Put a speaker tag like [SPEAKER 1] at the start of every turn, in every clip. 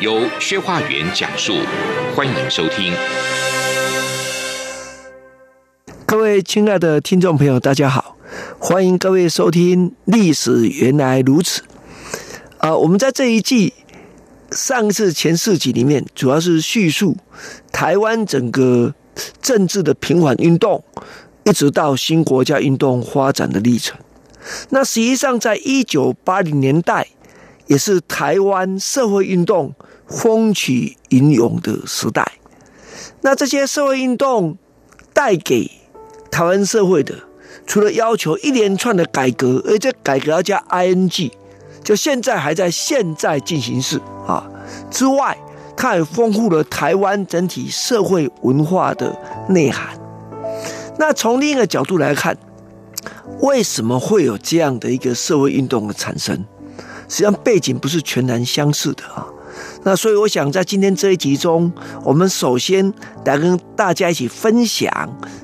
[SPEAKER 1] 由薛化元講述，歡迎收聽。各位親愛的聽眾朋友，大家好，歡迎各位收聽《歷史原來如此》呃。啊，我們在這一季上一次前四集裡面，主要是敘述台灣整個政治的平反運動，一直到新國家運動發展的歷程。那實際上，在一九八零年代，也是台灣社會運動風起雲湧的時代，那這些社會運動帶給台灣社會的，除了要求一連串的改革，而且這改革要加 ING，就現在還在現在進行式啊之外，它也豐富了台灣整體社會文化的內涵。那從另一個角度來看，為什麼會有這樣的一個社會運動的產生？實際上背景不是全然相似的啊。那所以，我想在今天這一集中，我們首先來跟大家一起分享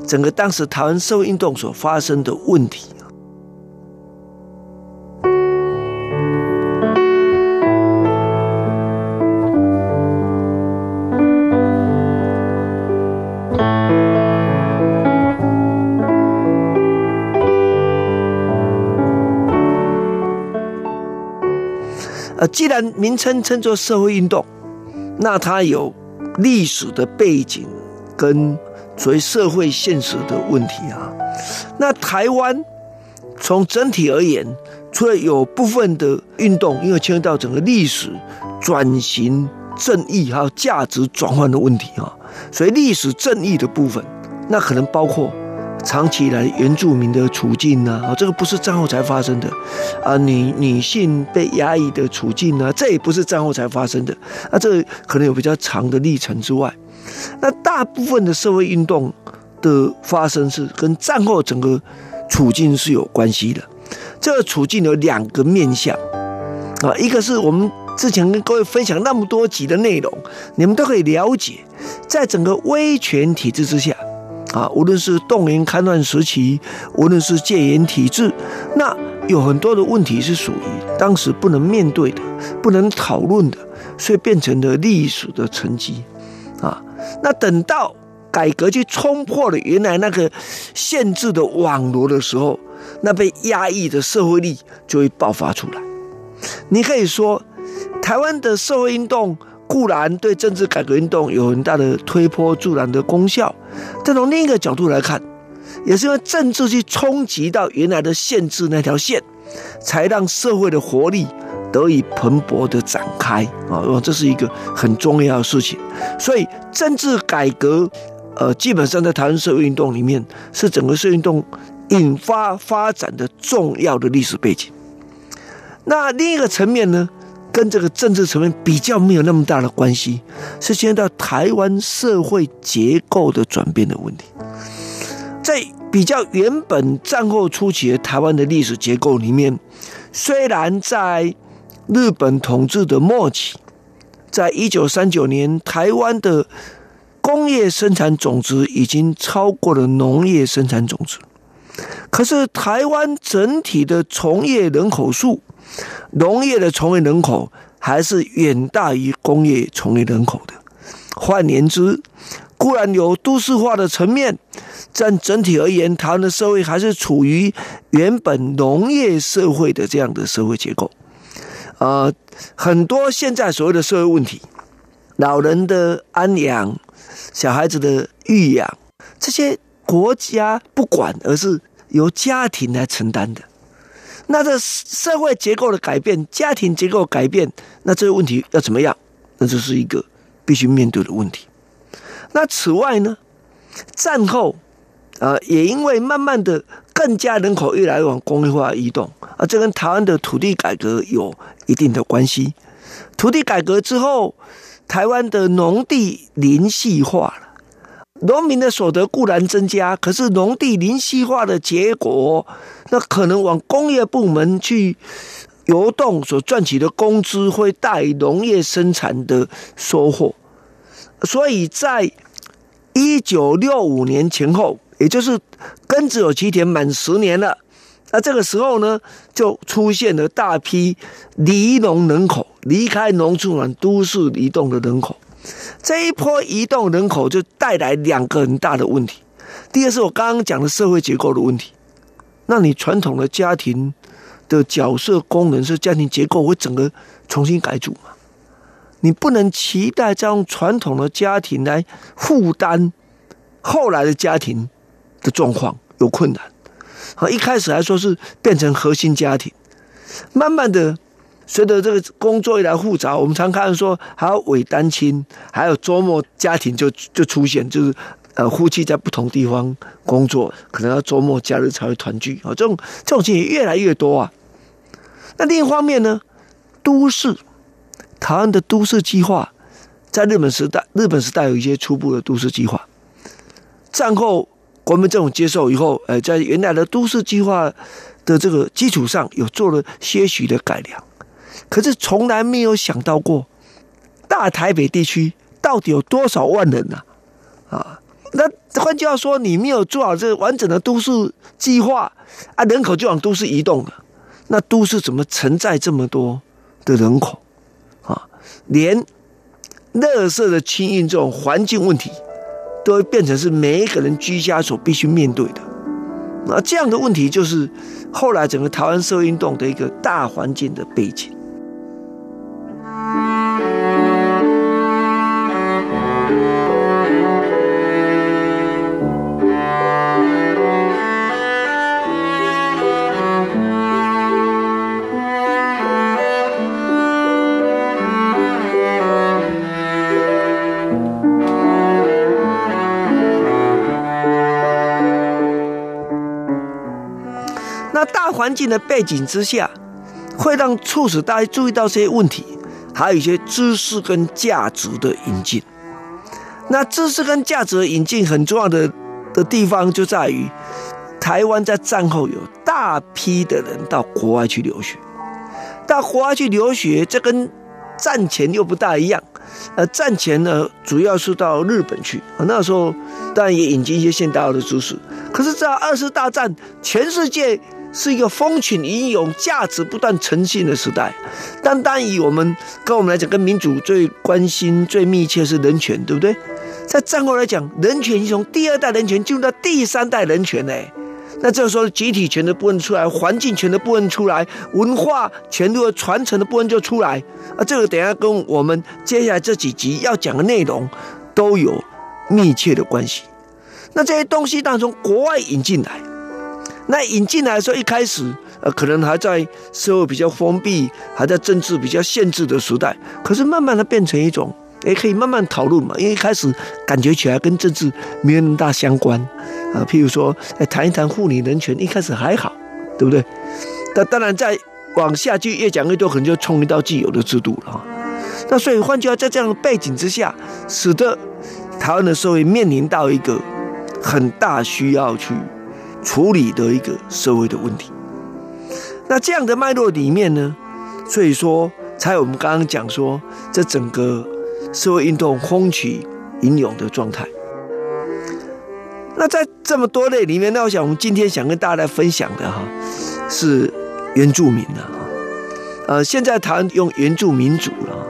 [SPEAKER 1] 整個當時台灣社會運動所發生的問題。既然名稱稱作社會運動，那它有歷史的背景跟所謂社會現實的問題啊。那台灣從整體而言，除了有部分的運動，因為牽涉到整個歷史轉型正義還有價值轉換的問題啊，所以歷史正義的部分，那可能包括。長期以來，原住民的處境呢，啊，這個不是戰後才發生的，啊，女女性被壓抑的處境呢、啊，這也不是戰後才發生的，那、啊、這可能有比較長的歷程之外，那大部分的社會運動的發生是跟戰後整個處境是有關係的。這個處境有兩個面向，啊，一個是我們之前跟各位分享那麼多集的內容，你們都可以了解，在整個威權體制之下。啊，無論是動員戡亂時期，無論是戒嚴體制，那有很多的問題是屬於當時不能面對的、不能討論的，所以變成了歷史的沉積。啊，那等到改革去衝破了原來那個限制的網絡的時候，那被壓抑的社會力就會爆發出來。你可以說，台灣的社會運動，固然對政治改革運動有很大的推波助瀾的功效，但從另一個角度來看，也是因為政治去衝擊到原來的限制那條線，才讓社會的活力得以蓬勃的展開啊！這是一個很重要的事情。所以政治改革，呃，基本上在台灣社會運動裡面，是整個社會運動引發發展的重要的歷史背景。那另一個層面呢，跟這個政治層面比較沒有那麼大的關係，是先到台灣社會結構的轉變的問題。在比較原本戰後初期的台灣的歷史結構裡面，雖然在日本統治的末期，在一九三九年，台灣的工業生產總值已經超過了農業生產總值。可是，台灣整體的從業人口數，農業的從業人口還是遠大於工業從業人口的。換言之，固然有都市化的層面，但整體而言，台灣的社會還是處於原本農業社會的這樣的社會結構。啊、呃，很多現在所謂的社會問題，老人的安養、小孩子的育養，這些。國家不管，而是由家庭來承擔的。那這社會結構的改變，家庭結構改變，那這個問題要怎麼樣？那就是一個必須面對的問題。那此外呢，戰後，啊、呃，也因為慢慢的更加人口越來越往工業化移動，啊，這跟台灣的土地改革有一定的關係。土地改革之後，台灣的農地零細化了。農民的所得固然增加，可是農地零細化的結果，那可能往工業部門去流動，所賺取的工資會大於農業生產的收穫。所以在一九六五年前後，也就是耕者有其田滿十年了，那這個時候呢，就出現了大批離農人口離開農村往都市移動的人口。這一波移動人口就帶來兩個很大的問題，第二是我剛剛講的社會結構的問題，那你傳統的家庭的角色功能是家庭結構會整個重新改組嘛？你不能期待這樣傳統的家庭來負擔後來的家庭的狀況有困難。啊，一開始來說，是變成核心家庭，慢慢的。隨着這個工作越來越複雜，我們常看說，還有偽單親，還有周末家庭就就出現，就是呃夫妻在不同地方工作，可能要周末假日才會團聚啊、哦。這種這種情形越來越多啊。那另一方面呢，都市，台灣的都市計劃，在日本時代，日本時代有一些初步的都市計劃，戰後國民政府接手以後，呃，在原來的都市計劃的這個基礎上，有做了些許的改良。可是從來沒有想到過，大台北地區到底有多少萬人吶？啊，啊，那換句話說，你沒有做好這完整的都市計劃啊，人口就往都市移動了。那都市怎麼承載這麼多的人口？啊，連垃圾的清運這種環境問題，都會變成是每一個人居家所必須面對的。那這樣的問題，就是後來整個台灣社會運動的一個大環境的背景。環境的背景之下，會讓促使大家注意到這些問題，還有一些知識跟價值的引進。那知識跟價值的引進很重要的的地方就在於，台灣在戰後有大批的人到國外去留學，到國外去留學，這跟戰前又不大一樣。呃，戰前呢，主要是到日本去，那時候當然也引進一些現代化的知識。可是，在二次大戰，全世界。是一個風起雲湧、價值不斷呈現的時代。單單以我們跟我們來講，跟民主最關心、最密切是人權，對不對？在戰後來講，人權從第二代人權進入到第三代人權呢？那這個時候，集體權的部分出來，環境權的部分出來，文化權利的傳承的部分就出來。啊，這個等下跟我們接下來這幾集要講的內容都有密切的關係。那這些東西當然從國外引進來。那引進來的時候，一開始呃，可能還在社會比較封閉，還在政治比較限制的時代。可是慢慢的變成一種，誒可以慢慢討論嘛。因為一開始感覺起來跟政治沒有那麼大相關，啊，譬如說，談一談婦女人權，一開始還好，對不對？那當然在往下就越講越多，可能就衝擊到既有的制度了啊。那所以，換句話，在這樣的背景之下，使得台灣的社會面臨到一個很大需要去。處理的一個社會的問題，那這樣的脈絡裡面呢，所以說才有我們剛剛講說這整個社會運動風起雲湧的狀態。那在這麼多類裡面，那我想我們今天想跟大家來分享的哈、啊，是原住民的、啊、哈，呃，現在談用原住民族了、啊。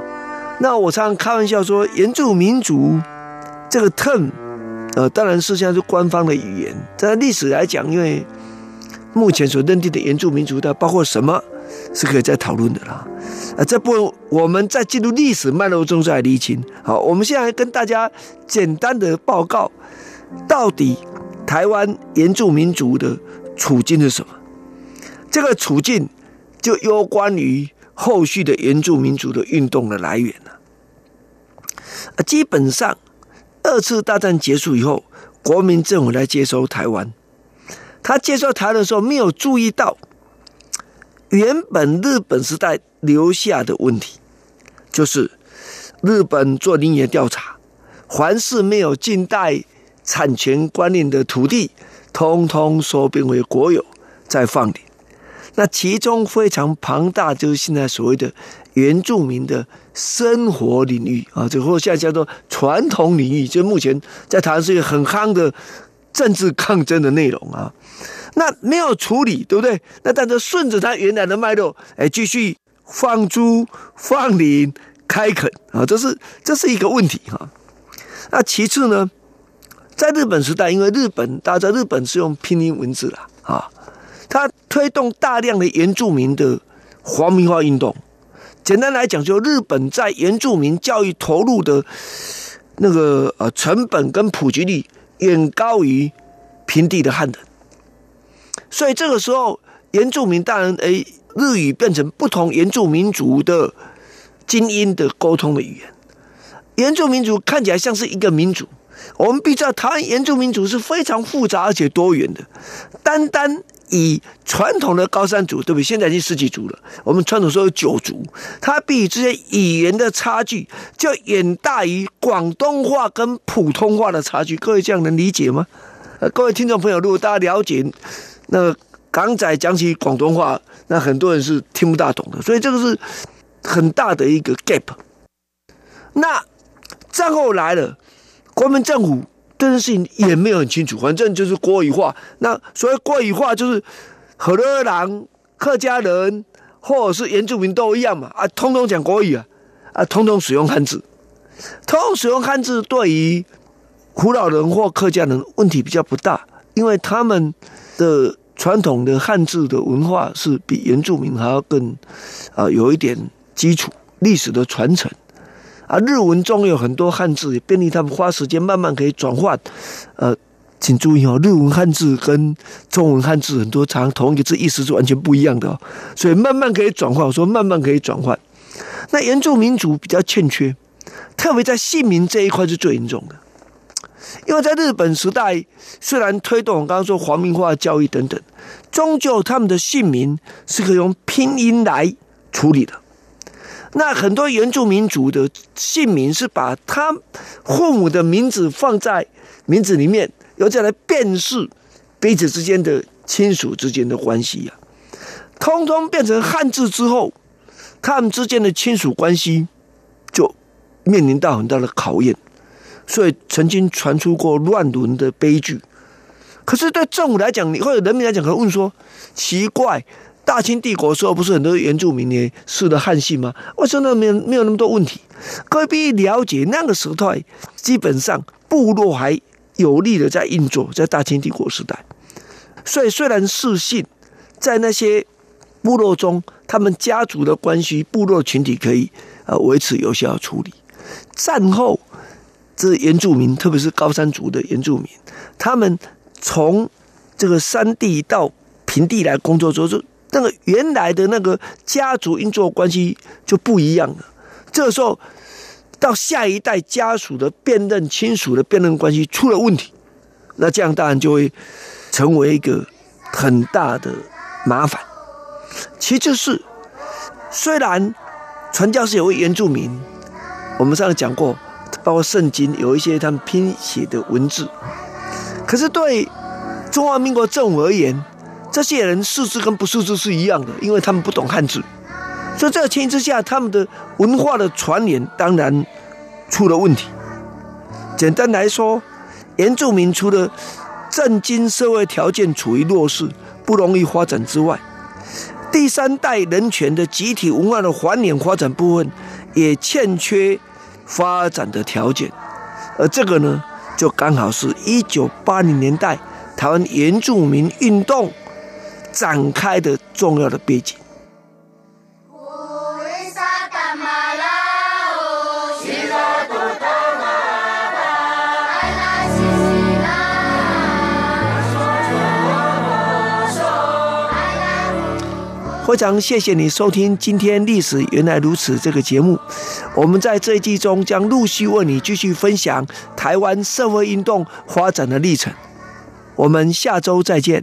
[SPEAKER 1] 那我常常開玩笑說，原住民族這個 term 呃，當然是現在是官方的語言。在歷史來講，因為目前所認定的原住民族的，包括什麼，是可以再討論的啦。呃、啊，這部分我們在進入歷史脈絡中再釐清。好，我們現在跟大家簡單的報告，到底台灣原住民族的處境是什麼？這個處境就攸關於後續的原住民族的運動的來源了、啊、呃、啊，基本上。二次大戰結束以後，國民政府來接收台灣，他接收台灣的時候沒有注意到，原本日本時代留下的問題，就是日本做林業調查，凡是沒有近代產權觀念的土地，通通收編為國有，再放領，那其中非常龐大，就是現在所謂的原住民的生活領域啊，就或者現在叫做傳統領域，就目前在台灣是一個很夯的政治抗爭的內容啊。那沒有處理，對不對？那但是順着它原來的脈絡，哎，繼續放租、放領、開墾啊，這是這是一個問題哈、啊。那其次呢，在日本時代，因為日本大家在日本是用拼音文字了啊。啊它推動大量的原住民的皇民化運動，簡單來講，就日本在原住民教育投入的，那個呃成本跟普及率遠高於平地的漢人，所以這個時候原住民大人誒，日語變成不同原住民族的精英，的溝通的語言，原住民族看起來像是一個民族，我們必須要談台灣原住民族是非常複雜而且多元的，單單。以傳統的高山族，對不對現在已經十幾族了。我們傳統說有九族，它比這些語言的差距就遠大於廣東話跟普通話的差距。各位這樣能理解嗎？呃，各位聽眾朋友，如果大家了解，那港仔講起廣東話，那很多人是聽不大懂的。所以這個是很大的一個 gap。那戰後來了，國民政府。但是也沒有很清楚，反正就是國語化。那所謂國語化，就是河洛人、客家人或者是原住民都一樣嘛，啊，通通講國語啊，啊，通通使用漢字。通通使用漢字，對於河洛人或客家人問題比較不大，因為他們的傳統的漢字的文化是比原住民還要更，啊、呃，有一點基礎、歷史的傳承。啊，日文中有很多漢字，也便利他們花時間慢慢可以轉換。呃，請注意哦，日文漢字跟中文漢字很多常常同一個字，意思是完全不一樣的哦。所以慢慢可以轉換，我說慢慢可以轉換。那原住民族比較欠缺，特別在姓名這一塊是最嚴重的，因為在日本時代，雖然推動我剛剛說皇民化的教育等等，終究他們的姓名是可以用拼音來處理的。那很多原住民族的姓名是把他父母的名字放在名字裡面，然後再來辨識彼此之間的親屬之間的關係呀、啊。通通變成漢字之後，他們之間的親屬關係就面臨到很大的考驗，所以曾經傳出過亂倫的悲劇。可是對政府來講，或者人民來講，可能問說奇怪。大清帝國時候不是很多原住民也賜了漢姓嗎？為什麼沒有沒有那麼多問題？各位必須了解那個時代，基本上部落還有力的在運作，在大清帝國時代。所以雖然賜姓，在那些部落中，他們家族的關係、部落群體可以、呃、維持有效處理。戰後，這原住民，特別是高山族的原住民，他們從這個山地到平地來工作，之後那個原來的那個家族運作關係就不一樣了。這個時候，到下一代家屬的辨認親屬的辨認關係出了問題，那這樣當然就會成為一個很大的麻煩。其實、就是，雖然傳教士有位原住民，我們上次講過，包括聖經有一些他們拼寫的文字，可是對中華民國政府而言。這些人識字跟不識字是一樣的，因為他們不懂漢字。在這個情形之下，他們的文化的傳衍當然出了問題。簡單來說，原住民除了政經社會條件處於弱勢、不容易發展之外，第三代人權的集體文化的繁衍發展部分也欠缺發展的條件。而這個呢，就剛好是一九八零年代台灣原住民運動展開的重要的背景。非常謝謝你收聽今天《歷史原來如此》這個節目。我們在這一季中將陸續為你繼續分享台灣社會運動發展的歷程。我們下周再見。